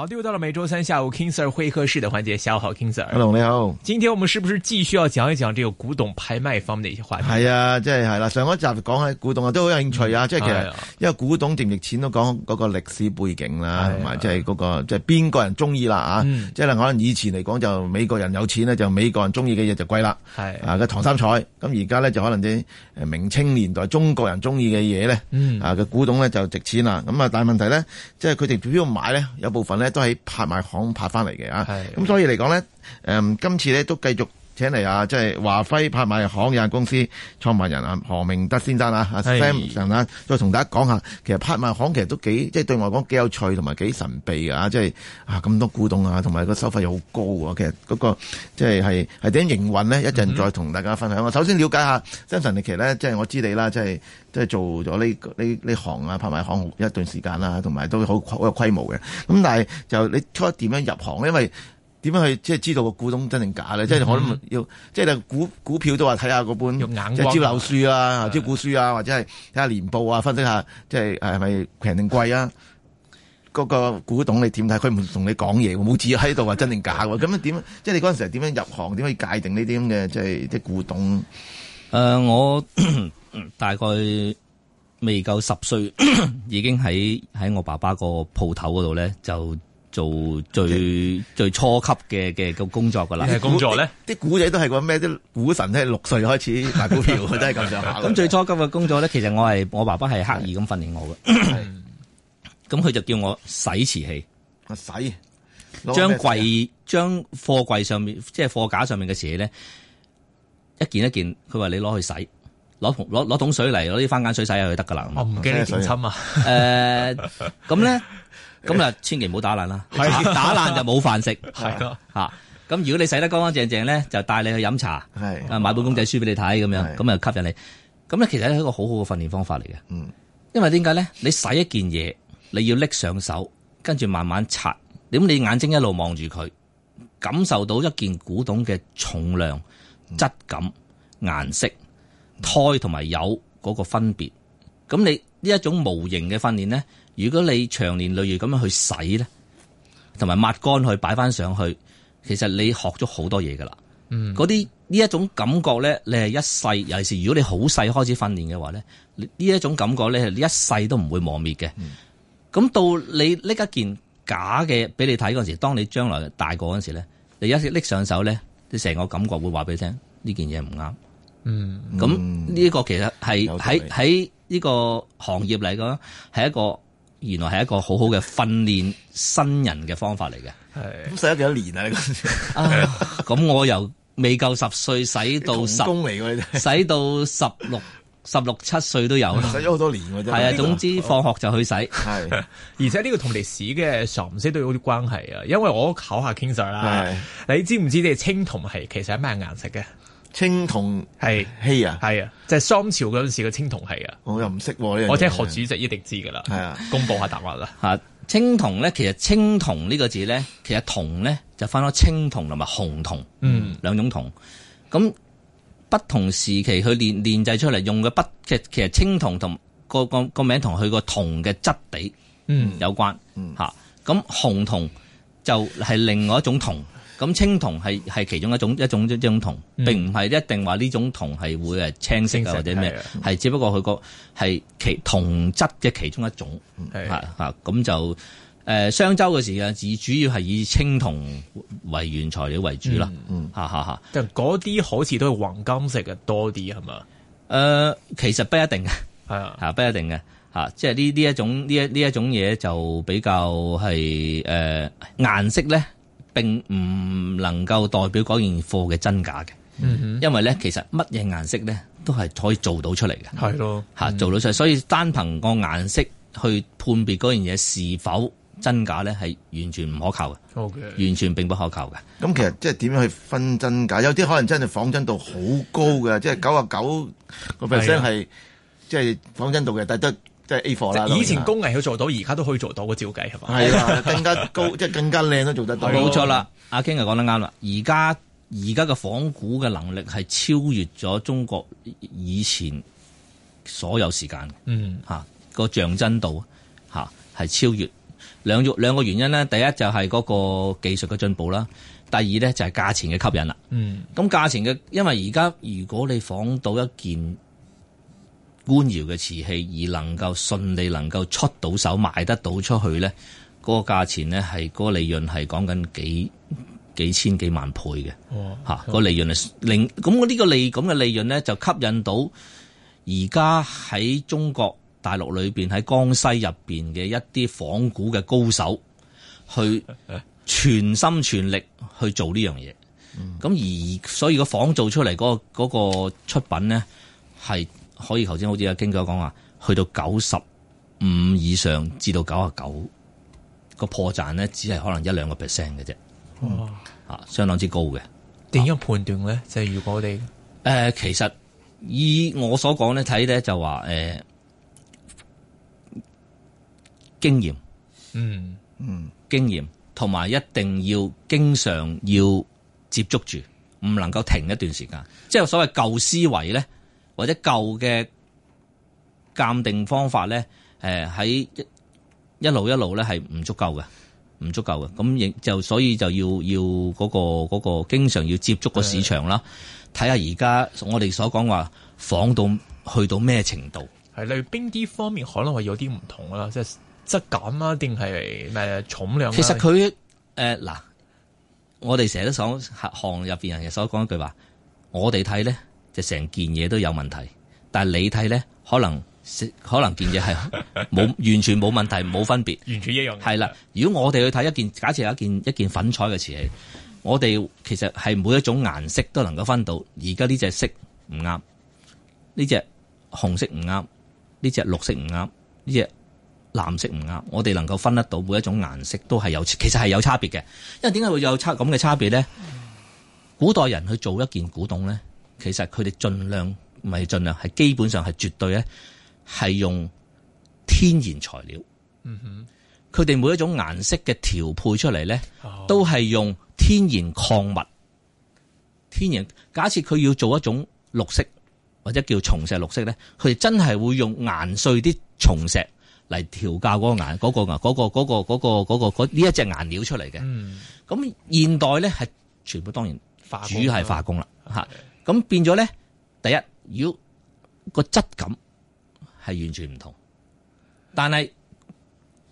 好，又到了每周三下午 King Sir 會客室的環節。下午好，King Sir，Hello，你好。今天我們是不是繼續要講一講這個古董拍賣方面的一些話題？係啊，即係係啦，上一集講起古董啊，都好有興趣啊。嗯、即係其實、哎、呀因為古董值唔值錢都講嗰、嗰個歷史背景啦、啊，同埋即係嗰個即係邊個人中意啦啊。嗯、即係可能以前嚟講就美國人有錢呢，就美國人中意嘅嘢就貴啦。係、哎、啊、那個、唐三彩，咁而家呢，就可能啲誒明清年代中國人中意嘅嘢呢，嗯、啊嘅、嗰個、古董呢就值錢啦。咁啊，但係問題呢即係佢哋主要買呢，有部分呢。都喺拍賣行拍翻嚟嘅啊，係咁是的 所以嚟講咧，誒，今次咧都繼續。請嚟啊！即係華輝拍賣行有限公司創辦人啊，何明德先生啊，阿是 Sam 生啊，再同大家講下，其實拍賣行其實都幾即係對我講幾有趣同埋幾神秘嘅啊！即係啊咁多古董啊，同埋個收費又好高啊！其實嗰、那個即係係係點樣營運呢？一陣再同大家分享。我、嗯、首先了解下 Sam，其實咧即係我知你啦，即係即係做咗呢呢呢行啊，拍賣行一段時間啦，同埋都好好有規模嘅。咁但係就你初點樣入行呢？因為點樣去即係知道個古董真定假咧？即係、嗯、可能要即係股股票都話睇下嗰本即係招樓書啊，招股書啊，古書，啊是的 或者係睇下年報啊，分析下即係係咪平定貴啊？嗰、那個古董你點睇？佢唔同你講嘢，冇字喺度話真定假嘅。咁 樣點？即係你嗰陣時點樣入行？點樣界定呢啲咁嘅即係啲古董？誒、呃，我 大概未夠十歲， 已經喺喺我爸爸個鋪頭嗰度咧就。做最 Okay. 最初級嘅嘅個工作噶啦，工作咧，啲古仔都係個咩？啲股神咧，六歲開始買股票，佢都係咁樣。咁 最初級嘅工作咧，其實我係我爸爸係刻意咁訓練我嘅。咁佢是咳咳就叫我洗瓷器，啊、洗將櫃將貨櫃上面即係貨架上面嘅嘢咧，一件一件，佢話你攞去洗，攞桶攞攞桶水嚟，攞啲番梘水洗下佢得噶啦水。我唔驚你沾親啊。誒， 咁咧。咁啊，千祈唔好打爛啦！係打爛就冇飯食。係吓 的，咁如果你洗得乾乾淨淨咧，就帶你去飲茶，係啊的買本公仔書俾你睇，咁的樣咁啊吸引你。咁咧，其實係一個好好嘅訓練方法嚟嘅。嗯，因為點解咧？你洗一件嘢，你要拎上手，跟住慢慢擦。點你眼睛一路望住佢，感受到一件古董嘅重量、質感、顏色、胎同埋釉嗰個分別。咁你呢一種無形嘅訓練咧？如果你長年累月咁樣去洗咧，同埋抹乾去擺翻上去，其實你學咗好多嘢噶啦。嗯，嗰啲呢一種感覺咧，你係一世，尤其是如果你好細開始訓練嘅話咧，呢一種感覺咧，你一世都唔會磨滅嘅。咁、嗯、到你拎一件假嘅俾你睇嗰時，當你將來大個嗰時咧，你一拎上手咧，你成個感覺會話俾你聽，呢件嘢唔啱。嗯，咁呢個其實係喺喺呢個行業嚟講係一個。原來係一個好好嘅訓練新人嘅方法嚟嘅。係咁使咗幾多年啊？咁、 啊、我由未夠十歲使到十，童工嚟嘅啫。使到十六， 十六、十六七歲都有啦。使咗好多年嘅啫。係啊、嗯，嗯、總之放學就去使。係、嗯， 而且呢個同歷史嘅常識都有啲關係啊。因為我考，考下 King Sir 啦，是你知唔知你個青銅器其實係咩顏色嘅？青銅係器啊，係、就是、啊，即係商朝嗰陣時嘅青銅器啊。我又唔識，我聽何主席一定知噶啦。係啊，公布一下答案啦。吓，青銅咧，其實青銅呢個字咧，其實銅咧就分咗青銅同埋紅銅，嗯，兩種銅。咁不同時期去練煉製出嚟用嘅不，其實其實青銅同個個個名同佢個銅嘅質地嗯有關，吓、嗯。咁、嗯啊、紅銅就係另外一種銅。咁青銅係係其中一種一種一種銅，並唔係一定話呢種銅係會係青色石或者咩，係只不過佢個係其銅質嘅其中一種嚇嚇，咁就誒商、呃、周嘅時間，主要係以青銅為原材料為主啦，嚇吓吓但嗰啲好似都係黃金色嘅多啲係嘛？誒、呃，其實不一定嘅，的啊，不一定嘅、啊、即係呢呢一種呢一呢一種嘢就比較係誒、呃、顏色咧。並唔能夠代表嗰件貨嘅真假嘅，因為咧其實乜嘢顏色咧都係可以做到出嚟嘅，係咯嚇做到出嚟，所以單憑個顏色去判別嗰樣嘢是否真假咧係完全唔可靠嘅，OK，完全並不可靠嘅。咁其實即係點樣去分真假？有啲可能真係仿真度好高嘅，即係九十九個 percent 係即係仿真度嘅，但係得。即係 A 貨啦。以前工藝要做到，而家都可以做到嘅，照計係嘛？係啦吧，更加高， 即係更加靚都做得到好。冇錯啦，阿、啊啊、King 講得啱啦。而家而家嘅仿古嘅能力係超越咗中國以前所有時間。嗯。吓個、啊、像真度吓係、啊、超越兩兩個原因咧。第一就係嗰個技術嘅進步啦，第二咧就係價錢嘅吸引啦。嗯。咁價錢嘅，因為而家如果你仿到一件官窯嘅瓷器而能夠順利能夠出到手賣得到出去咧，嗰、那個價錢咧係嗰個利潤係講緊幾幾千幾萬倍嘅，吓個利潤係零咁。我呢個利咁嘅利潤咧就吸引到而家喺中國大陸裏邊，喺江西入邊嘅一啲仿古嘅高手去全心全力去做呢樣嘢。咁、嗯、而所以個仿造出嚟嗰、那個嗰、那個出品咧係。是可以，頭先好似阿經哥講話，去到九十五以上至到九啊九個破綻咧，只係可能一兩個 percent 嘅啫，啊，嗯、相當之高嘅。點樣判斷咧？就係如果你……哋、呃、其實以我所講咧睇咧，就話誒、呃、經驗，嗯嗯，嗯經驗同埋一定要經常要接觸住，唔能夠停一段時間，即係所謂舊思維咧。或者舊嘅鑒定方法咧，誒喺一一路一路咧係唔足夠嘅，唔足夠嘅。咁亦就所以就要要嗰個嗰個經常要接觸個市場啦，睇下而家我哋所講話仿到去到咩程度？係例如邊啲方面可能話有啲唔同啦，即係質感、呃、啊，定係咩重量。其實佢誒嗱，我哋成日都想行入邊人嘅所講一句話，我哋睇咧。成件嘢都有問題，但係你睇咧，可能可能件嘢係冇完全冇問題冇分別完全一樣，係啦， 如果我哋去睇一件，假設有一件一件粉彩嘅瓷器，我哋其實係每一種顏色都能夠分到。而家呢隻色唔啱，呢隻紅色唔啱，呢隻綠色唔啱，呢隻藍色唔啱。我哋能夠分得到每一種顏色都係有，其實係有差別嘅。因為點解會有差咁嘅差別咧？古代人去做一件古董咧，其實佢哋盡量，唔係盡量，係基本上係絕對咧，係用天然材料。嗯哼，佢哋每一種顏色嘅調配出嚟咧，都係用天然礦物、天然。假設佢要做一種綠色，或者叫松石綠色咧，佢哋真係會用研碎啲松石嚟調教嗰個顏、嗰個顏、嗰個、嗰、那個、嗰、那個、嗰、那個、嗰呢一隻顏料出嚟嘅。咁、嗯、現代咧係全部當然，主要係化工啦，吓、嗯。咁變咗咧，第一，如果個質感係完全唔同，但係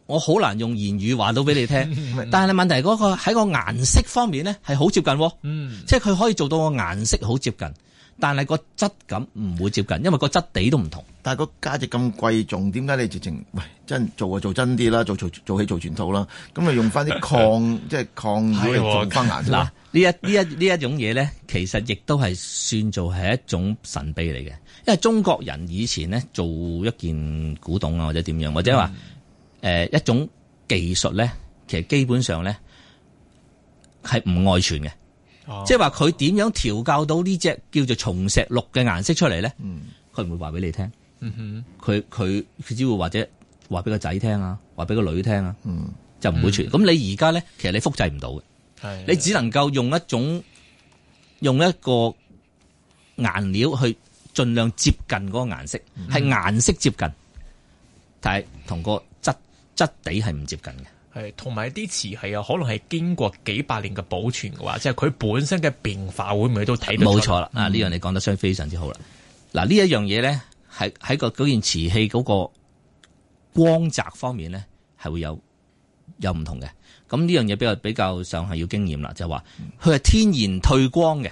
我好難用言語話到俾你聽。但係問題嗰個喺個顏色方面咧，係好接近，即係佢可以做到個顏色好接近。但係個質感唔會接近，因為個質地都唔同。但係個價值咁貴重，點解你直情喂真做啊？做,就做真啲啦，做做做起做全套啦。咁啊，用翻啲抗，即係抗料做翻牙先。嗱，呢一呢一呢一種嘢咧，其實亦都係算做係一種神秘嚟嘅。因為中國人以前咧做一件古董啊，或者點樣，或者話誒、嗯呃、一種技術咧，其實基本上咧係唔外傳嘅。哦、即係話佢點樣調教到呢隻叫做松石綠嘅顏色出嚟咧，嗯嗯？嗯，佢唔會話俾你聽。嗯哼，佢佢佢只會或者話俾個仔聽啊，話俾個女聽啊。嗯，就唔會傳。咁、嗯、你而家咧，其實你複製唔到嘅。係的，你只能夠用一種用一個顏料去盡量接近個顏色，係顏、嗯、色接近，但係同個質質地係唔接近嘅。係，同埋啲瓷器啊，可能係經過幾百年嘅保存嘅話，即係佢本身嘅變化會唔會都睇到？冇錯啦，啊呢樣你講得真係非常之好啦。嗱呢一樣嘢咧，係喺個嗰件瓷器嗰個光澤方面咧，係會有有唔同嘅。咁呢樣嘢比較比較上係要經驗啦，就係話佢係天然退光嘅，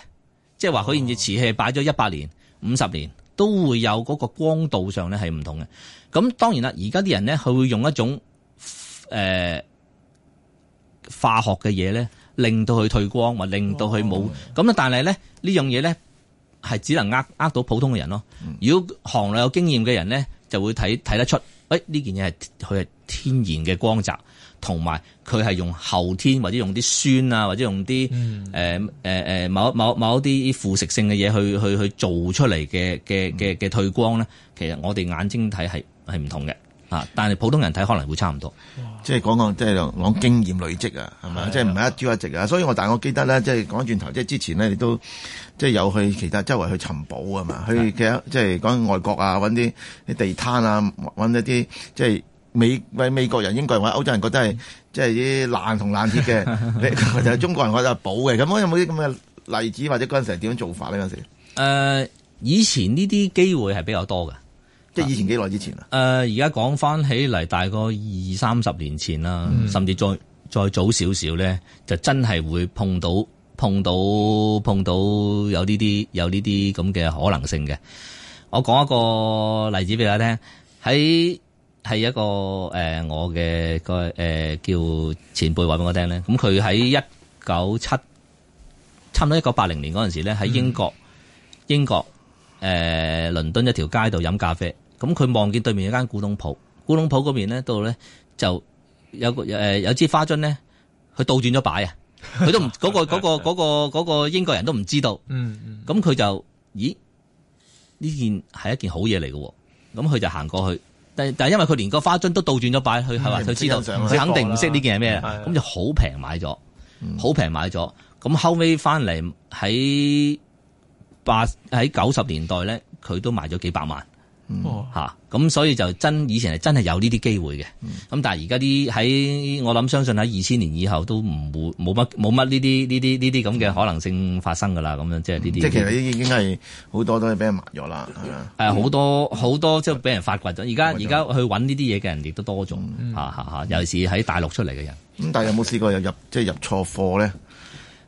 即係話佢件瓷器擺咗一百年、五十年，都會有嗰個光度上咧係唔同嘅。咁當然啦，而家啲人咧佢會用一種。誒、呃，化學嘅嘢咧，令到佢退光或令到佢冇咁啊，但係咧呢樣嘢咧，係只能呃呃到普通嘅人咯。嗯、如果行內有經驗嘅人咧，就會睇睇得出，誒呢件嘢係佢係天然嘅光澤，同埋佢係用後天或者用啲酸啊，或者用啲誒誒誒某某某一啲腐蝕性嘅嘢去去去做出嚟嘅嘅嘅嘅退光咧，其實我哋眼睛睇係係唔同嘅。啊！但係普通人睇可能會差唔多，即係講講，即係講經驗累積啊，係嘛？即係唔係一朝一夕啊。所以我但係我記得咧，即係講轉頭，即係之前咧，你都即係有去其他周圍去尋寶啊嘛？是是的去即係講外國啊，搵啲啲地攤啊，搵一啲即係美為美國人、英國人或者歐洲人覺得係即係啲爛銅爛鐵嘅， 就係中國人覺得係寶嘅。咁我有冇啲咁嘅例子或者嗰陣時係點樣做法咧？嗰陣時誒，以前呢啲機會係比較多嘅。即係以前幾耐之前啊？誒，而家講翻起嚟，大概二三十年前啦，嗯、甚至再再早少少咧，就真係會碰到碰到碰到有呢啲有呢啲咁嘅可能性嘅。我講一個例子俾你聽，喺係一個誒、呃、我嘅個、呃、叫前輩話俾我聽咧。咁佢喺一九七，差唔多一九八零年嗰陣時咧，喺英國、嗯、英國誒、呃、倫敦一條街度飲咖啡。咁佢望見對面有間古董鋪，古董鋪嗰邊咧度咧就有個誒、呃、有支花樽咧，佢倒轉咗擺啊。佢都唔嗰、嗰個嗰、嗰個嗰、嗰個嗰、嗰個英國人都唔知道。咁佢、嗯嗯、就咦呢件係一件好嘢嚟嘅。咁佢就行過去，但但係因為佢連個花樽都倒轉咗擺，佢係話佢知道佢、嗯、肯定唔識呢件係咩啊。咁、嗯嗯、就好平買咗，好平買咗。咁後尾翻嚟喺八喺九十年代咧，佢都賣咗幾百萬。吓，咁、嗯、所以就真以前係真係有呢啲機會嘅，咁、嗯、但係而家啲喺我諗相信喺二千年以後都唔會冇乜冇乜呢啲呢啲呢啲咁嘅可能性發生噶啦，咁樣即係呢啲。即係其實已經係好多都係俾人抹咗啦，係啊。好、嗯、多好多即係俾人發掘咗，而家而家去搵呢啲嘢嘅人亦都多咗，吓吓吓，尤其是喺大陸出嚟嘅人。咁、嗯嗯、但係有冇試過入即係、就是、入錯貨咧？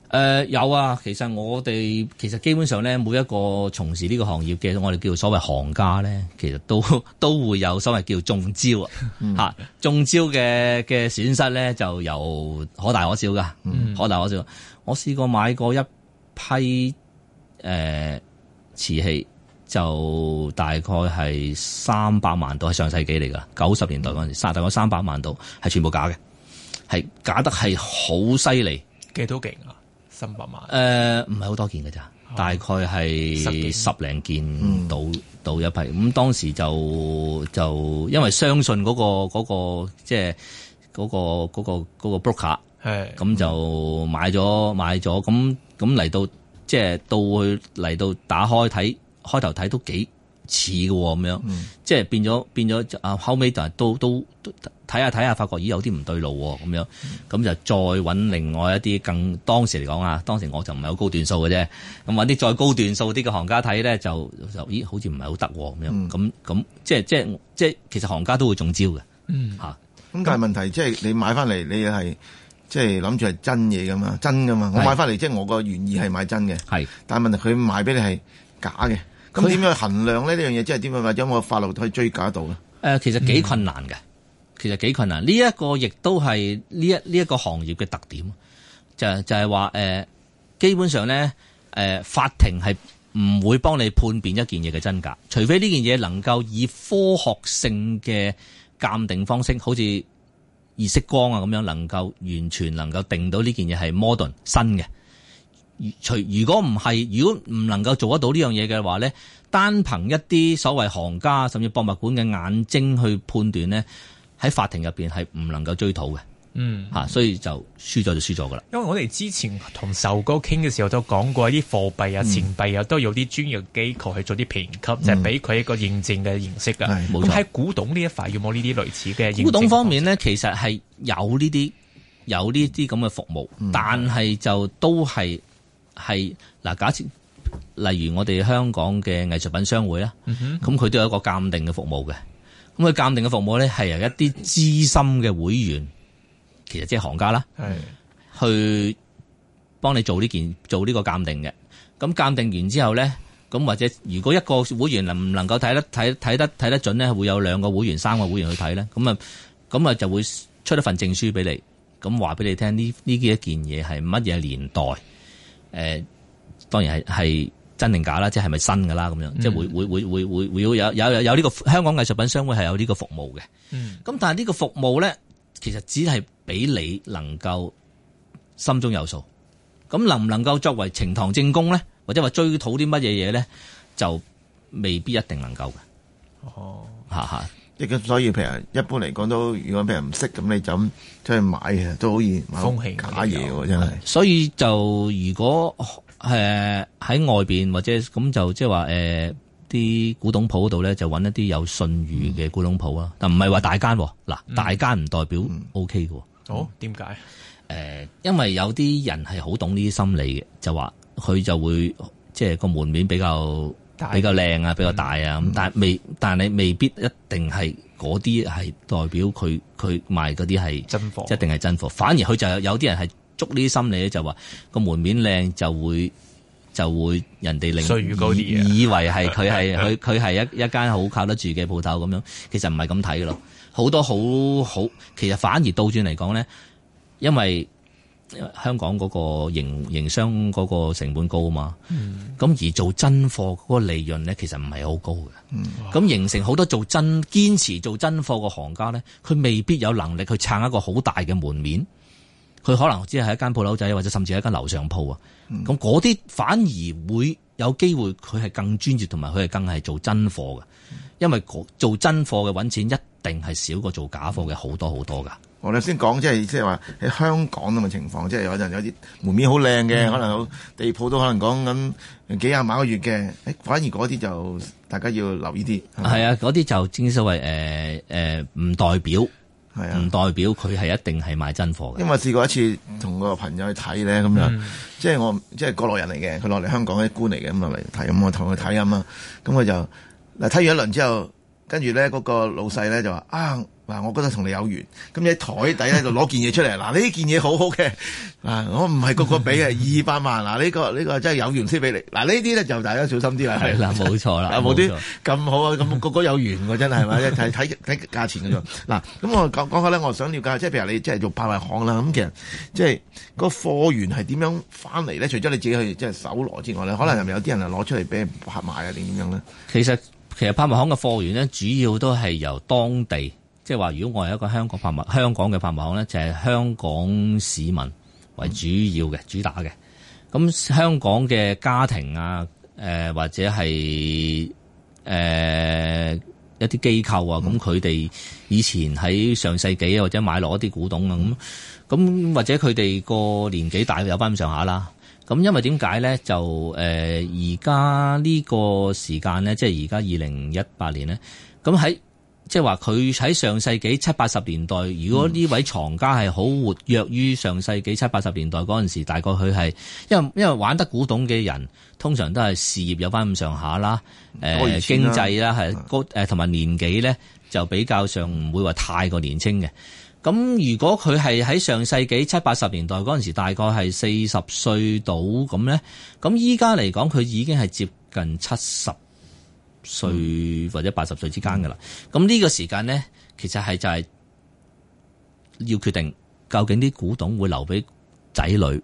誒、呃，有啊！其實我哋其實基本上咧，每一個從事呢個行業嘅，我哋叫所謂行家咧，其實都都會有所謂叫中招啊，吓 中招嘅嘅損失咧，就由可大可小噶， 可大可小。我試過買過一批誒、呃、瓷器，就大概係三百萬度，係上世紀嚟噶，九十年代嗰陣時，殺 大概三百萬度，係全部假嘅，係假得係好犀利嘅，幾都勁啊？三百萬，誒唔係好多件嘅咋，哦、大概係十零件到到一批。咁禁、嗯、當時就就因為相信嗰、嗰個嗰是、嗰個即係嗰個嗰、嗰個嗰、嗰個 broker，咁是就買咗是買咗。咁咁嚟到即係、即係、到去嚟到打開睇，開頭睇都幾。似嘅咁樣，即係、嗯、變咗變咗啊！後尾就係都都睇下睇下，發覺咦有啲唔對路喎咁樣，咁就再揾另外一啲更當時嚟講啊，當時我就唔係好高段數嘅啫，咁揾啲再高段數啲嘅行家睇咧，就就咦好似唔係好得咁樣，咁咁即係即係即係其實行家都會中招嘅嚇。咁、嗯啊、但係問題即係你買翻嚟你係即係諗住係真嘢噶嘛？真噶嘛？我買翻嚟即係我個原意係買真嘅，係是，但係問題佢買俾你係假嘅。佢點樣衡量呢，呢樣嘢，即係點樣或者我法律可以追詐到咧？誒其實幾困難嘅，其實幾困難呢一個亦都係呢一呢一個行業嘅特點，就就係話誒基本上咧誒法庭係唔會幫你判別一件嘢嘅真假，除非呢件嘢能夠以科學性嘅鑑定方式，好似二色光啊咁樣能夠完全能夠定到呢件嘢係 modern 新嘅。除如果唔係，如果唔能夠做得到呢樣嘢嘅話咧，單憑一啲所謂行家甚至博物館嘅眼睛去判斷呢，喺法庭入邊係唔能夠追討嘅。嗯，嚇、啊，所以就輸咗就輸咗噶啦。因為我哋之前同壽哥傾嘅時候都講過，啲貨幣啊、嗯、錢幣啊都有啲專業機構去做啲評級，嗯、就係俾佢一個認證嘅形式㗎。咁喺、嗯、古董呢一塊有冇呢啲類似嘅？古董方面呢，其實係有呢啲有呢啲咁嘅服務，嗯、但係就都係。係嗱，假設例如我哋香港嘅藝術品商會啦，咁佢都有一個鑑定嘅服務嘅。咁佢鑑定嘅服務咧，係由一啲資深嘅會員，其實即係行家啦，去幫你做呢件做呢個鑑定嘅。咁鑑定完之後咧，咁或者如果一個會員能唔能夠睇得睇睇得睇得準咧，會有兩個會員三個會員去睇咧。咁啊，咁啊就會出一份證書俾你，咁話俾你聽呢呢幾一件嘢係乜嘢年代。誒、呃，當然係係真定假啦，即係咪新噶啦咁樣，即係會、嗯、會會會會會有有有有、這、呢個香港藝術品商會係有呢個服務嘅，咁、嗯、但係呢個服務咧，其實只係俾你能夠心中有數，咁能唔能夠作為呈堂證供咧，或者話追討啲乜嘢嘢咧，就未必一定能夠嘅。哦，哈哈。即咁，所以譬如一般嚟講都，如果譬如唔識咁，你就咁即係買嘅都可以買假嘢喎，真係的、嗯。所以就如果喺外邊或者咁就即係話啲古董鋪嗰度咧，就揾一啲有信譽嘅古董鋪、嗯、啊，但唔係話大間嗱，大間唔代表 O K 嘅。好，點解？誒、哦，為因為有啲人係好懂呢啲心理嘅，就話佢就會即係個門面比較。比較靚啊，比較大啊，咁、嗯、但未，但你未必一定係嗰啲係代表佢佢賣嗰啲係真貨課，一定係真貨。反而佢就有啲人係捉呢啲心理咧，就話個門面靚就會就會人哋令，以為係佢係佢佢係一一間好靠得住嘅鋪頭咁樣。其實唔係咁睇嘅咯，好多好好，其實反而倒轉嚟講咧，因為，香港嗰個營商嗰個成本高嘛，咁、嗯、而做真貨嗰個利潤呢，其實唔係好高嘅。咁、嗯、形成好多做真堅持做真貨嘅行家呢，佢未必有能力去撐一個好大嘅門面。佢可能只係一間鋪頭仔，或者甚至係一間樓上鋪啊。咁嗰啲反而會有機會，佢係更專業，同埋佢係更係做真貨嘅。因為做真貨嘅揾錢一定係少過做假貨嘅好多好多㗎。我哋先講，即係即係話喺香港咁嘅情況，即係有陣有啲門面好靚嘅，可能地鋪都可能講緊幾廿萬個月嘅，反而嗰啲就大家要留意啲。係啊，嗰啲就正所謂誒誒，唔、呃呃、代表，唔、啊、代表佢係一定係賣真貨嘅。因為我試過一次同個朋友去睇咧，咁、嗯、樣即係我即係國內人嚟嘅，佢落嚟香港啲官嚟嘅，咁就嚟睇，咁我同佢睇咁啊，咁佢就嗱睇完一輪之後，跟住咧嗰個老細咧就話啊。嗱，我覺得同你有緣，咁你喺台底喺度攞件嘢出嚟，嗱呢 件嘢好好嘅，啊我唔係個個俾嘅，二百萬，嗱、呢、呢個呢、呢個真係有緣先俾你，嗱呢啲咧就大家小心啲啦。係啦，冇錯啦，冇啲錯，咁好啊，咁個個有緣喎，真係係嘛，睇睇睇價錢嗰種，嗱、嗯、咁我講講下咧，我想了解，即係譬如你即係做拍賣行啦，咁其實即係個貨源係點樣翻嚟咧？除咗你自己去即係搜羅之外咧，可能有啲人係攞出嚟俾人拍賣啊，定點樣咧？其實其實拍賣行嘅貨源咧，主要都係由當地。即係話，如果我係一個香港拍賣，香港嘅拍賣行咧，就係、是、香港市民為主要嘅主打嘅。咁香港嘅家庭啊，誒、呃、或者係誒、呃、一啲機構啊，咁佢哋以前喺上世紀或者買落一啲古董啊，咁咁或者佢哋個年紀大有翻咁上下啦。咁因為點解咧？就誒而家呢個時間咧，即係而家二零一八年咧，咁喺。即係話，佢喺上世紀七八十年代，如果呢位藏家係好活躍於上世紀七八十年代嗰陣時，大概佢係因為因為玩得古董嘅人，通常都係事業有翻咁上下啦，誒經濟啦係高誒同埋年紀咧就比較上唔會話太過年輕嘅。咁如果佢係喺上世紀七八十年代嗰陣時，大概係四十歲到咁咧，咁依家嚟講佢已經係接近七十。歲、嗯、或者八十歲之間噶啦，咁呢個時間呢，其實係就係要決定究竟啲古董會留俾仔女，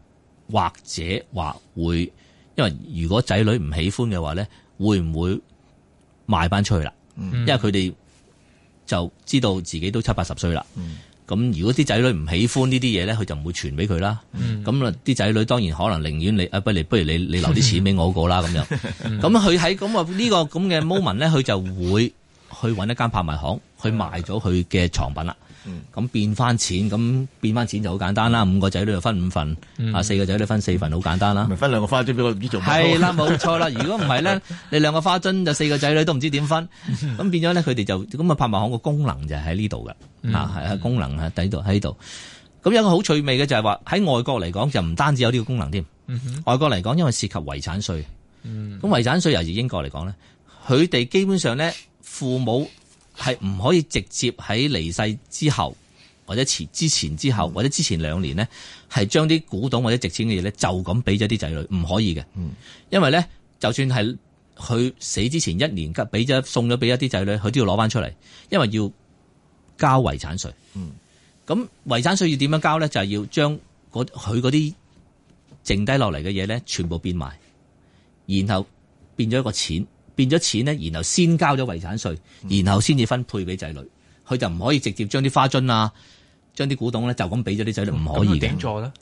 或者話會，因為如果仔女唔喜歡嘅話會會呢，會唔會賣翻出去啦？因為佢哋就知道自己都七八十歲啦。嗯咁如果啲仔女唔喜歡呢啲嘢咧，佢就唔會傳俾佢啦。咁啦，啲仔女當然可能寧願你啊，不如不如你，你留啲錢俾我個啦咁樣。咁佢喺咁啊，呢個咁嘅 moment 咧，佢就會去搵一間拍賣行去賣咗佢嘅藏品啦。咁變翻錢，咁變翻錢就好簡單啦。五個仔女就分五份，啊四個仔女分四份，好簡單啦。咪分兩個花樽俾我唔知做。係啦，冇錯啦。如果唔係咧，你兩個花樽就四個仔女都唔知點分。咁變咗咧，佢哋就咁啊拍賣行個功能就喺呢度㗎，啊係功能啊喺度喺度。咁有個好趣味嘅就係話，喺外國嚟講就唔單止有呢個功能添。外國嚟講，因為涉及遺產稅。咁遺產稅尤其英國嚟講咧，佢哋基本上咧父母。係唔可以直接喺離世之後，或者前之前之後，或者之前兩年咧，係將啲古董或者值錢嘅嘢咧，就咁俾咗啲仔女，唔可以嘅。嗯，因為咧，就算係佢死之前一年給，給俾咗送咗俾一啲仔女，佢都要攞翻出嚟，因為要交遺產稅。嗯，咁遺產稅要點樣交咧？就係、是、要將佢嗰啲剩低落嚟嘅嘢咧，全部變賣，然後變咗一個錢。變咗錢咧，然後先交咗遺產稅，然後先至分配俾仔女，佢、嗯、就唔可以直接將啲花樽啊、將啲古董咧就咁俾咗啲仔女，唔可以嘅。咁佢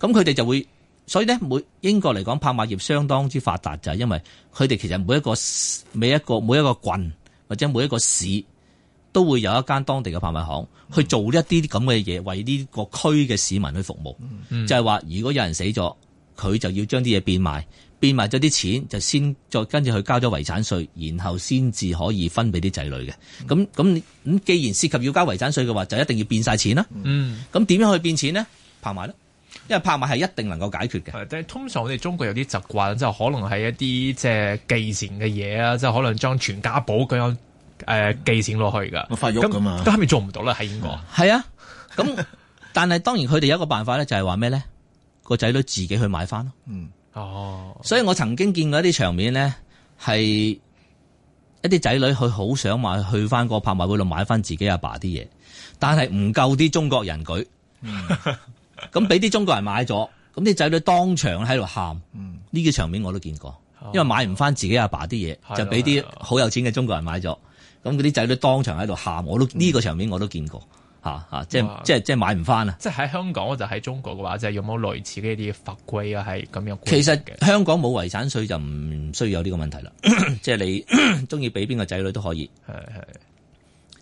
咁佢哋就會，所以咧每英國嚟講，拍賣業相當之發達，就係、是、因為佢哋其實每一個每一個每一個郡或者每一個市都會有一間當地嘅拍賣行去做一啲咁嘅嘢，為呢個區嘅市民去服務。嗯、就係話，如果有人死咗，佢就要將啲嘢變賣。變埋咗啲錢，就先再跟住去交咗遺產稅，然後先至可以分俾啲仔女嘅。咁咁咁，既然涉及要交遺產稅嘅話，就一定要變晒錢啦。嗯，咁點樣去變錢呢？拍賣囉，因為拍賣係一定能夠解決嘅。但係通常我哋中國有啲習慣，就可能係一啲即係繼承嘅嘢啊，即係可能將全家寶咁樣誒繼承落去㗎。咁發鬱㗎嘛，咁做唔到啦喺英國。係啊，咁 但係當然佢哋有一個辦法咧，就係話咩咧？個仔女自己去買翻咯。嗯。哦，所以我曾經見過一啲場面咧，係一啲仔女佢好想買去翻個拍賣會度買翻自己阿爸啲嘢，但係唔夠啲中國人舉咁俾啲中國人買咗，咁啲仔女當場喺度喊。呢啲、嗯、場面我都見過，哦、因為買唔翻自己阿爸啲嘢就俾啲好有錢嘅中國人買咗，咁嗰啲仔女當場喺度喊，我都呢、嗯、個場面我都見過。吓吓，即係即係即係買唔翻啊！即係喺哇香港，就喺中國嘅話，就有冇類似嘅一啲法規啊？係咁樣。其實香港冇遺產稅就唔需要有呢個問題啦。即 係是你中意俾邊個仔女都可以，係係是，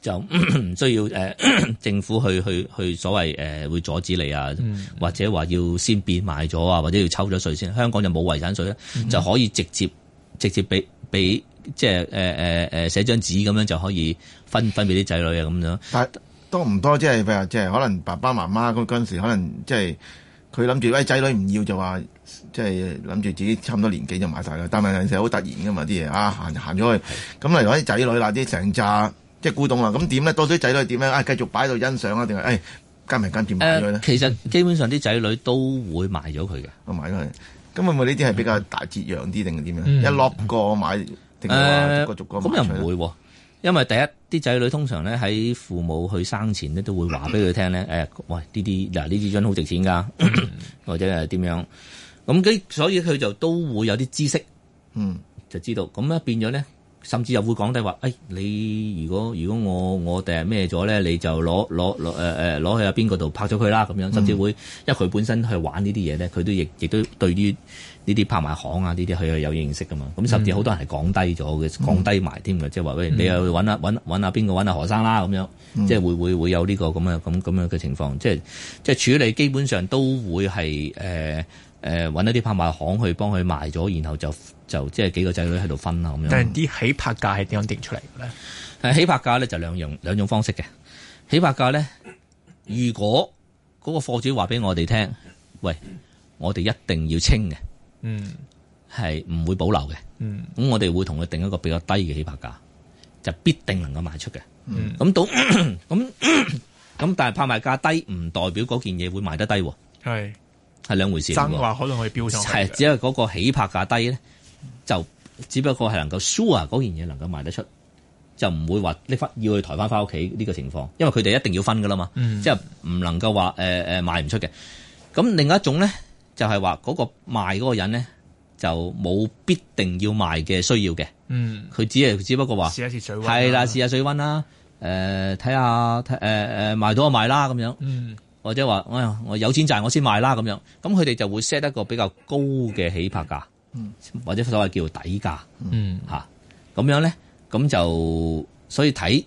就唔需要誒、呃、政府去去去所謂誒、呃、會阻止你啊，嗯嗯，或者話要先變賣咗啊，或者要抽咗稅先。香港就冇遺產稅啦，嗯嗯，就可以直接直接俾俾即係誒誒誒寫張紙咁樣就可以分分俾啲仔女啊咁樣。多唔多？即係譬如即係可能爸爸媽媽嗰陣時，可能即係佢諗住，喂仔女唔要就話，即係諗住自己差唔多年紀就買晒啦。但係成日好突然噶嘛啲嘢啊，行行咗去。咁例如啲仔女啦，啲成扎即係古董啦，咁點咧？多啲仔女點咧？啊，的嗯、繼續擺到欣賞啊，定係誒跟埋跟住買咗咧、呃？其實基本上啲仔女都會賣買咗佢嘅，買咗佢。咁會唔會呢啲係比較大截讓啲定係點樣呢？嗯、一落過買定係話逐個逐個，逐個、呃、買咁又唔會，因為第一。啲仔女通常咧喺父母去生前咧都會話俾佢聽咧，誒、喂、嗯，呢啲嗱呢啲樽好值錢噶，嗯、或者係點樣？咁所以佢就都會有啲知識，嗯，就知道咁咧變咗咧，甚至又會講低話，誒、哎，你如果如果我我哋係咩咗咧，你就攞攞攞誒誒攞去阿邊個度拍咗佢啦，咁樣，甚至會因為佢本身去玩呢啲嘢咧，佢都亦亦都對於。呢啲拍賣行啊，呢啲佢係有認識噶嘛？咁甚至好多人係降低咗嘅，嗯、降低埋添嘅，即係話喂，嗯、你又揾下揾揾下邊個揾下何生啦、啊、咁樣，嗯、即係會會會有呢、呢個咁啊咁咁樣嘅情況。即係即係處理基本上都會係誒誒揾一啲拍賣行去幫佢賣咗，然後就就即係幾個仔女喺度分啊咁樣。但係啲起拍價係點樣定出嚟嘅咧？起拍價咧就兩樣兩種方式嘅起拍價咧，如果嗰個貨主話俾我哋聽，喂，我哋一定要清嘅。嗯，係唔會保留嘅。嗯，咁我哋會同佢定一個比較低嘅起拍價，就必定能夠賣出嘅。嗯，咁到咁咁，但係拍賣價低唔代表嗰件嘢會賣得低，係係兩回事嚟嘅。生嘅話可能會飆升，係，只係嗰個起拍價低咧，就只不過係能夠 sure 嗰件嘢能夠賣得出，就唔會話搦翻要去抬翻翻屋企呢個情況，因為佢哋一定要分噶啦嘛。嗯，即係唔能夠話誒誒賣唔出嘅。咁另一種咧。就係話嗰個賣嗰個人咧，就冇必定要賣嘅需要嘅。嗯，佢只係只不過話，試一下試水溫、啊，係啦，試一下水溫、啊呃呃、啦。誒，睇下，誒賣到我賣啦咁樣。嗯，或者話、哎，我有錢賺我，我先賣啦咁樣。咁佢哋就會 set 一個比較高嘅起拍價，嗯嗯、或者所謂叫底價。嗯，吓、咁樣咧，咁就所以睇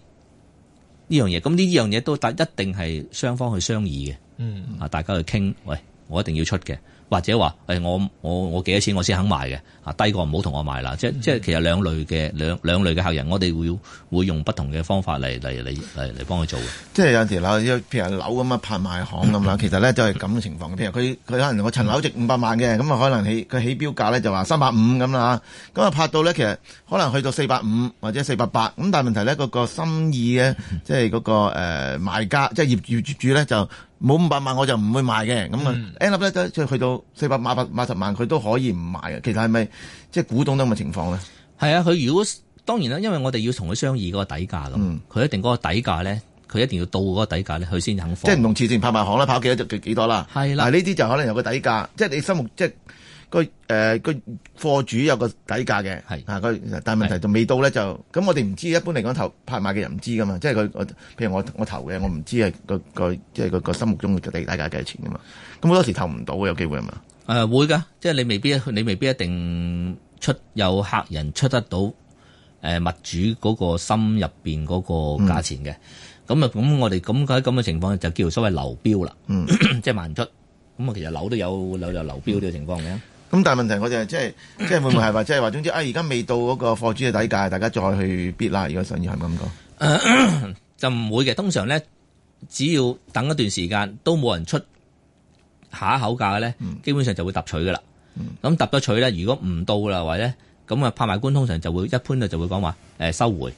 呢樣嘢，咁呢樣嘢都一定係雙方去商議嘅、嗯。嗯，啊，大家去傾，喂，我一定要出嘅。或者話、哎、我我我幾多錢我先肯賣嘅啊？低過唔好同我賣啦。即即係其實兩類嘅兩,兩類嘅客人，我哋會會用不同嘅方法嚟嚟嚟嚟嚟幫佢做嘅。即係有時樓，譬如樓咁啊，拍賣行咁啦。其實咧就係咁嘅情況。譬如佢佢可能我層樓值五百萬嘅，咁啊、嗯、可能起佢起標價咧就話三百五咁啦，咁啊拍到咧，其實可能去到四百五或者四百八。咁但係問題咧，嗰、嗰個心意嘅即係嗰個誒、呃、賣家即係、就是、業主咧，就冇五百萬我就唔會賣嘅。咁啊，end up 咧都即去到。四百、八百、八十萬，佢都可以唔賣嘅。其實係咪即係股東都咁嘅情況咧？係啊，佢如果當然啦，因為我哋要同佢商議嗰個底價。嗯，佢一定嗰個底價咧，佢一定要到嗰個底價咧，佢先肯放即。即係唔同慈善拍賣行啦跑幾，幾多就幾多啦。係啦，嗱呢啲就可能有個底價，即係你心目即係。個誒個貨主有個底價嘅，係啊，但係問題就未到咧的就，咁我哋唔知，一般嚟講投拍賣嘅人唔知噶嘛，即係佢譬如我我投嘅，我唔知係個即係個心目中嘅底，底，底價幾多錢噶嘛，咁好多時投唔到嘅有機會係嘛？誒、呃、會㗎，即係你未必你未必一定出有客人出得到誒、呃、物主嗰個心入面嗰個價錢嘅，咁啊咁我哋咁解咁嘅情況就叫所謂流標啦、嗯， 即係賣唔出，咁啊其實樓都有有有流標呢個情況嘅、嗯。咁但係問題，我哋係即係即係會唔會係話即係話總之啊，哎、而家未到嗰個貨主嘅底價，大家再去必啦。如果想，要係咁講？就唔會嘅。通常咧，只要等一段時間，都冇人出下一口價嘅咧，嗯、基本上就會揼取㗎啦。咁揼咗取咧，如果唔到啦，或者咁啊，拍賣官通常就會一般就會講話、欸、收回，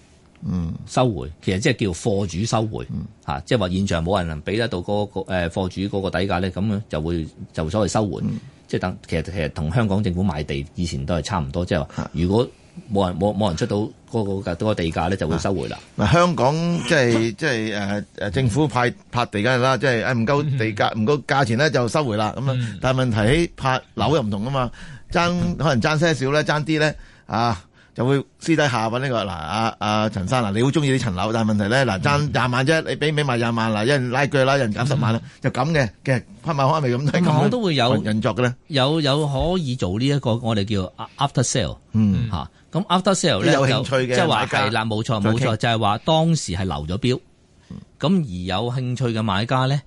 嗯、收回。其實即係叫貨主收回、嗯啊、即係話現場冇人能俾得到、嗰個、嗰個、嗰個貨主嗰個底價咧，咁就會就會所謂收回。嗯即係等，其實其實同香港政府買地以前都係差唔多，即係如果冇人冇冇人出到嗰個嗰個地價咧，就會收回啦。嗱、啊，香港即係麼即係、呃、政府派拍地梗係啦，即係唔夠地價唔 夠價錢咧就收回啦，咁但係問題，拍樓又唔同噶嘛，爭可能爭些少咧，爭啲咧啊。就會私底下揾呢、這個嗱，啊阿陳生啊，生你好中意呢層樓，但係問題咧，嗱，爭廿萬啫，你俾俾埋廿萬，嗱，一人拉鋸啦，一人減十萬啦，嗯、就咁嘅，嘅拍賣行咪咁睇，咁、嗯、都會有運作嘅咧，有有可以做呢、這、一個我哋叫 after sale，吓、嗯，咁、嗯、after sale 咧有即係話係啦，冇錯冇錯，就係、是、話當時係留咗標，咁、嗯、而有興趣嘅買家咧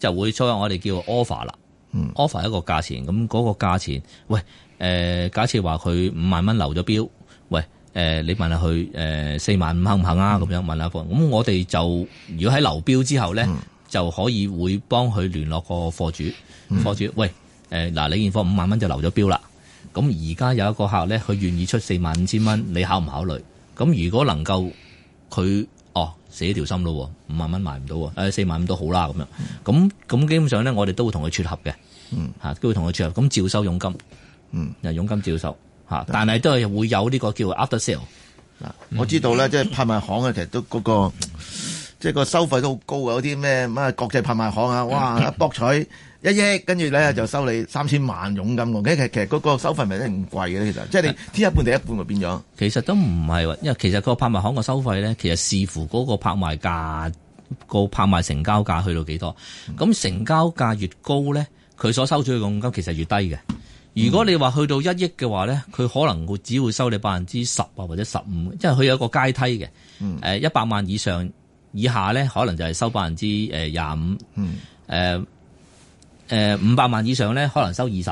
就會做我哋叫 off、er 嗯、offer 啦，offer 一個價錢，咁嗰個價錢，喂，誒、呃，假設話佢五萬蚊留咗標。喂，誒、呃、你問下佢誒四萬五肯唔肯啊？咁樣、嗯、問下咁我哋就如果喺流標之後咧，嗯、就可以會幫佢聯絡個貨主，貨、嗯、主，喂，誒、呃、嗱，你件貨五萬蚊就流咗標啦。咁而家有一個客咧，佢願意出四萬五千蚊，你考唔考慮？咁如果能夠佢哦死一條心咯，五萬蚊賣唔到喎，四萬五都好啦，咁樣，咁咁、嗯、基本上咧，我哋都會同佢撮合嘅，嗯，都會同佢撮合，咁照收佣金，嗯，又佣金照收。但係都係會有呢個叫 after sale。嗱、嗯，我知道咧，即係拍賣行啊，其實都嗰、那個即係個收費都好高啊！有啲咩乜國際拍賣行啊，哇，博取，一億，跟住咧就收你三千萬佣金咁嘅。其其實嗰個收費咪一定唔貴嘅其實即係你天、嗯、一半地一半，就變咗？其實都唔係喎，因為其實個拍賣行個收費咧，其實視乎嗰個拍賣價、個拍賣成交價去到幾多。咁成交價越高咧，佢所收取嘅佣金其實越低嘅。如果你話去到一億嘅話咧，佢可能會只會收你百分之十啊，或者十五，因為佢有一個階梯嘅。誒，一百萬以上以下咧，可能就係收百分之誒廿五。誒，誒五百萬以上咧，可能收二十。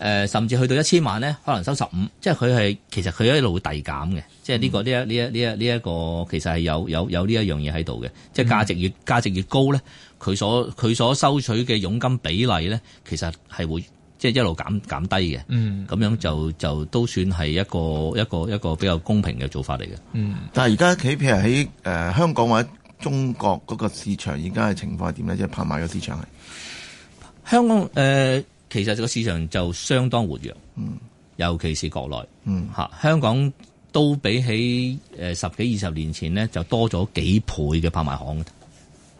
誒，甚至去到一千萬咧，可能收十五。即係佢係其實佢一路會遞減嘅，即係呢、這個呢一呢一呢一呢一個、這個這個、其實係有有有呢一樣嘢喺度嘅，即係價值越價值越高咧，佢所佢所收取嘅佣金比例咧，其實係會。即係一路減減低嘅，咁、嗯、樣就就都算係一個、嗯、一個一個比較公平嘅做法嚟嘅。嗯，但係而家企，譬如喺誒香港或者中國嗰個市場，而家嘅情況係點咧？即係拍賣嘅市場係香港誒、呃，其實個市場就相當活躍，嗯，尤其是國內，嗯，香港都比起十幾二十年前呢，就多咗幾倍嘅拍賣行。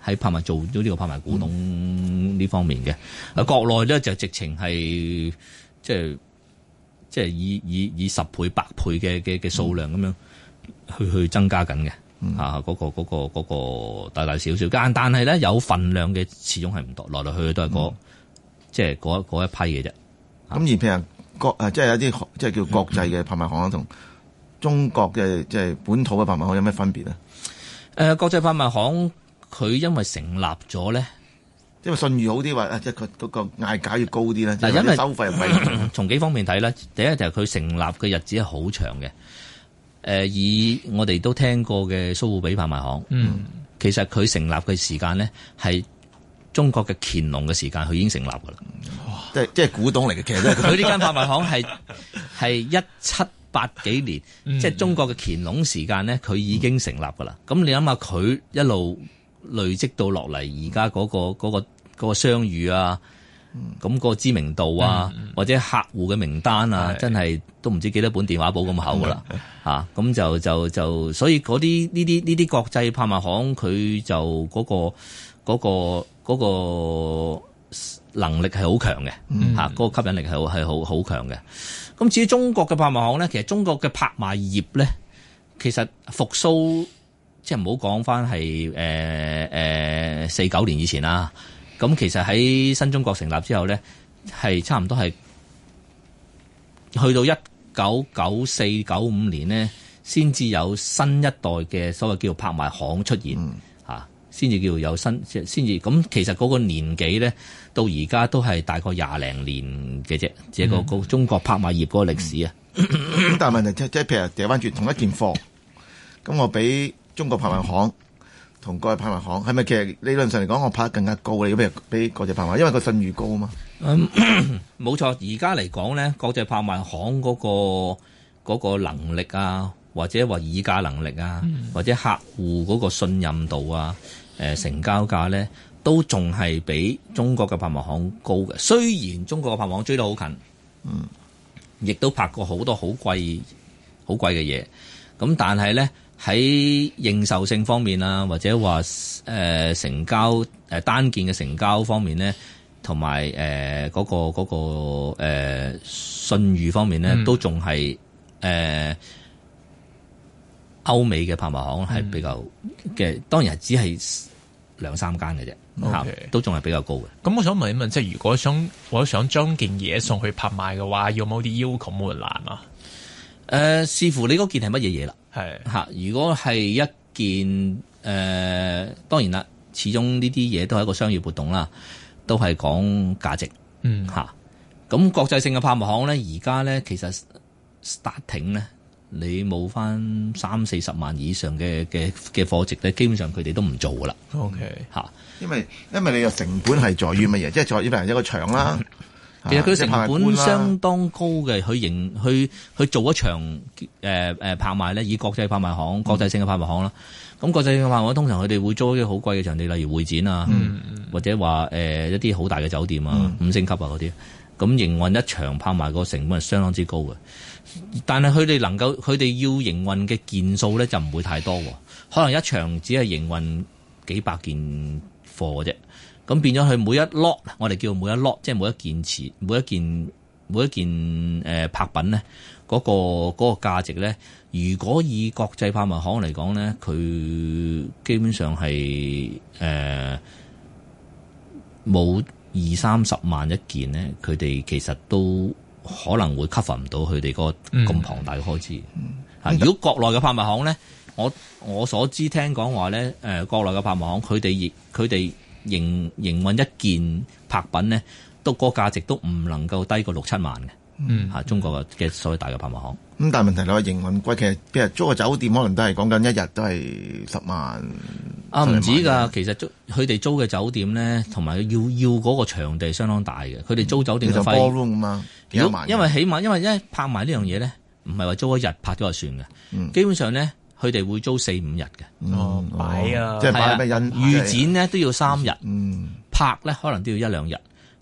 喺拍賣做咗呢個拍賣古董呢方面嘅，喺、嗯、國內咧就直情係即係即係以以以十倍百倍嘅嘅嘅數量咁樣去去增加緊嘅，嗯、啊嗰、那個嗰嗰、那個那個、大大小小，但但係咧有份量嘅始終係唔多，來來去去都係嗰、那個嗯、即係嗰嗰一批嘅啫。咁、嗯、而譬如國即係有啲即係叫國際嘅拍賣行，同、嗯、中國嘅即係本土嘅拍賣行有咩分別咧？誒、呃，國際拍賣行。佢因為成立咗咧，因為信譽好啲，話、啊、即係佢嗰個嗌價要高啲咧。但係，因為收費唔係從幾方面睇咧。 第一就係、是、佢成立嘅日子係好長嘅。誒，以我哋都聽過嘅蘇富比拍賣行，嗯，其實佢成立嘅時間咧係中國嘅乾隆嘅時間，佢已經成立噶啦。哇即係即係古董嚟嘅，其實佢呢間拍賣行係係一七八幾年，嗯、即係中國嘅乾隆時間咧，佢已經成立噶啦。咁你諗下，佢、嗯、一路。累積到落嚟、嗰個，而家嗰個嗰個嗰個商譽啊，咁、嗰個知名度啊，嗯、或者客戶嘅名單啊，是真係都唔知幾多本電話簿咁厚噶啦，吓咁、啊、就就就，所以嗰啲呢啲呢啲國際拍賣行，佢就嗰、嗰個嗰、嗰個嗰、嗰個能力係好強嘅，吓嗰、嗯啊嗰個吸引力係係好好強嘅。咁至於中國嘅拍賣行咧，其實中國嘅拍賣業咧，其實復蘇。即係唔好講翻係誒誒四九年以前啦，咁其實喺新中國成立之後咧，係差唔多係去到一九九四九五年咧，先至有新一代嘅所謂叫做拍賣行出現嚇，先至、嗯啊、叫做有新，先至咁。其實嗰個年紀咧，到而家都係大概廿零年嘅啫，即係、嗰個個、嗯、中國拍賣業嗰個歷史啊。但係問題即即係譬如掉翻轉同一件貨，咁 我俾。中國拍賣行同國際拍賣行係咪其實理論上嚟講，我拍得更加高嘅？比如比國際拍賣，因為個信譽高啊嘛。嗯，冇錯。而家嚟講咧，國際拍賣行嗰個嗰個能力啊，或者話議價能力啊，嗯、或者客戶嗰個信任度啊，呃、成交價咧，都仲係比中國嘅拍賣行高嘅。雖然中國嘅拍賣行追得好近，嗯，亦都拍過好多好貴好貴嘅嘢，咁但係咧。喺認受性方面啊，或者話誒、呃、成交誒、呃、單件嘅成交方面咧，同埋誒嗰個嗰、那個誒、呃、信譽方面咧，嗯、都仲係誒歐美嘅拍賣行係比較嘅，嗯、當然係只係兩三間嘅啫，吓 Okay 都仲係比較高嘅。咁我想問一問，即係如果想我想將件嘢送去拍賣嘅話，有冇啲要求冇咁難啊？誒、呃，視乎你嗰件係乜嘢嘢啦。係，吓是如果係一件誒、呃，當然啦，始終呢啲嘢都係一個商業活動啦，都係講價值，嗯，吓咁、啊、國際性嘅拍賣行咧，而家咧其實 starting 咧，你冇翻三四十萬以上嘅嘅嘅貨值咧，基本上佢哋都唔做噶啦。OK，吓、啊，因為因為你個成本係在於乜嘢？即係 在於譬如一個場啦。 其實佢成本相當高嘅，佢營佢去做一場誒誒、呃、拍賣咧，以國際拍賣行、國際性嘅拍賣行啦。咁、嗯、國際性嘅拍賣行通常佢哋會租一啲好貴嘅場地，例如會展啊，嗯、或者話誒、呃、一啲好大嘅酒店啊，嗯、五星級啊嗰啲。咁營運一場拍賣個成本係相當之高嘅，但係佢哋能夠佢哋要營運嘅件數咧就唔會太多，可能一場只係營運幾百件貨嘅啫。咁變咗，佢每一 lot，我哋叫每一 lot，即係每一件詞每一件每一件誒拍、呃、品咧，嗰、那個嗰、那個價值咧，如果以國際拍賣行嚟講咧，佢基本上係誒冇二三十萬一件咧，佢哋其實都可能會吸 o 唔到佢哋嗰個咁龐大嘅開支。嗯、如果國內嘅拍賣行咧，我我所知聽講話咧，誒、呃、國內嘅拍賣行佢哋亦佢哋。營營運一件拍品呢，都個價值都唔能夠低過六七萬嘅、嗯啊嗯。嗯，嚇中國嘅所謂大嘅拍賣行。咁但係問題你話，營運貴。其實租個酒店，可能都係講緊一日都係十萬。啊，唔止㗎。其實佢哋租嘅酒店呢，同埋要要嗰個場地相當大嘅。佢哋租酒店就費。就多、嗯、ballroom 啊嘛，幾萬，因為起碼因為咧拍賣呢樣嘢呢，唔係話租一日拍咗就算嘅。嗯、基本上呢。佢哋會租四五日嘅、嗯，即係、擺啊，即係擺咩印預展咧都要三日，嗯拍咧可能都要一兩日，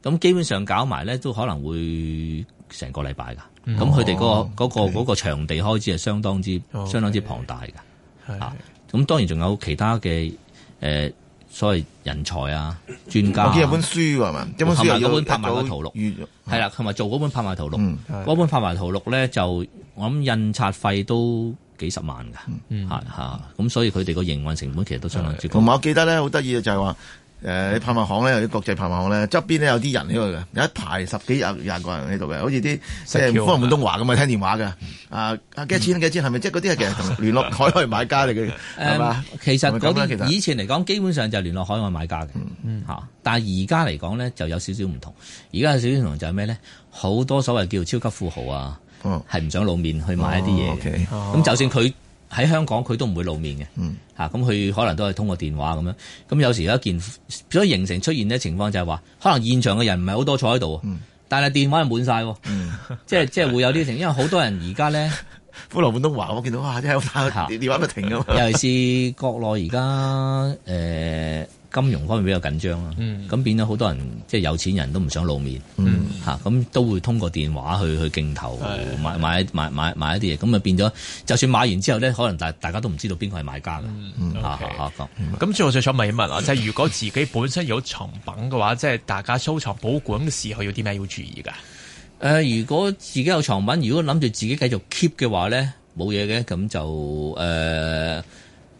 咁基本上搞埋咧都可能會成個禮拜噶。咁佢哋個嗰、哦嗰個嗰、嗰個場地開支係相當之、哦、相當之龐大嘅。Okay, 的啊，咁當然仲有其他嘅誒、呃、所謂人才啊、專家、啊。我見有本書㗎嘛，一、啊、本書一有本拍賣嘅圖錄，係啦預，同埋做嗰本拍賣圖錄，嗰、嗯、本拍賣圖錄咧就我諗印刷費都，幾十萬噶吓吓，咁、嗯、所以佢哋個營運成本其實都相當之高。同埋我記得咧，好得意嘅就係、是、話，誒、呃，你拍賣行咧，際行呢有啲國際拍賣行咧，側邊咧有啲人喺度嘅，有一排十幾廿廿個人喺度嘅，好似啲即係方漢東華咁啊，聽電話噶。嗯、啊幾多錢？幾多錢？係咪即係嗰啲係其實同聯絡海外買家嚟嘅？係嘛、嗯？吧其實嗰啲其實以前嚟講，基本上就係聯絡海外買家嘅。吓、嗯，但係而家嚟講咧，就有少少唔同。而家有少少唔同就係咩咧？好多所謂叫超級富豪啊！係唔、哦、想露面去買一啲嘢，咁、哦 okay, 哦、就算佢喺香港，佢都唔會露面嘅。吓、嗯，咁佢可能都係通過電話咁樣。咁有時候有一件，所以形成出現嘅情況就係話，可能現場嘅人唔係好多坐喺度，嗯、但係電話滿晒，嗯、即係即係會有啲情。 因為好多人而家咧，福羅滿東華，我見到話啊，即係電話咪停咗嘛。尤其是國內而家誒。呃金融方面比較緊張啦，咁、嗯、變咗好多人即係有錢人都唔想露面，嚇咁、嗯、都會通過電話去去競投買的買買買買一啲嘢，咁啊變咗，就算買完之後咧，可能大大家都唔知道邊個係買家啦。嚇咁最後再想問一問啊，即係、嗯、如果自己本身有藏品嘅話，即係 大家收藏保管嘅時候，有啲咩要注意噶？誒、呃，如果自己有藏品，如果諗住自己繼續 keep 嘅話咧，冇嘢嘅，咁就誒、呃、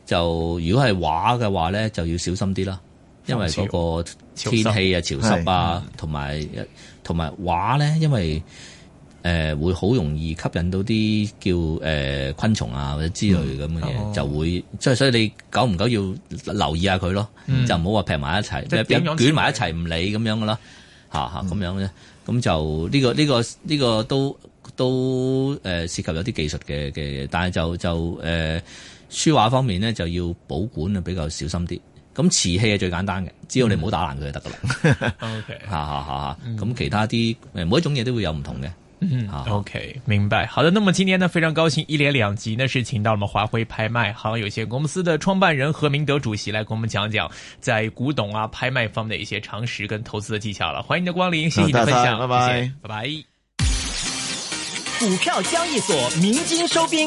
就如果係畫嘅話咧，就要小心啲啦。因為嗰個天氣啊、心潮濕啊，同埋同埋畫咧，因為誒、呃、會好容易吸引到啲叫誒、呃、昆蟲啊或者之類咁嘅嘢，嗯、就會即係、哦、所以你久唔久要留意下佢咯，嗯、就唔好話劈埋一齊，即係捲埋一齊唔理咁樣噶啦，吓吓咁樣咧，咁就呢個呢個呢個都都誒涉及有啲技術嘅嘅嘢，但係就就誒、呃、書畫方面咧就要保管啊比較小心啲。咁瓷器係最簡單嘅，只要你唔好打爛佢就得噶啦。OK，好好好，嚇，咁其他啲每一種嘢都會有唔同嘅。 OK，明白。好的，那麼今天呢非常高興一連兩集呢是請到我們華輝拍賣行有限公司的創辦人何明德主席來跟我們講講在古董啊拍賣方面的一些常識跟投資的技巧了。歡迎你的光臨，謝謝你的分享，拜拜拜拜。謝謝拜拜股票交易所鳴金收兵，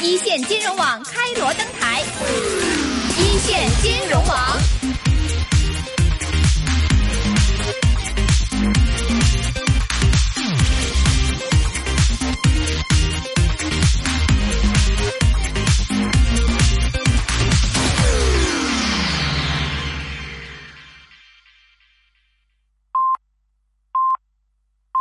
一線金融網開羅登台。一線金融王。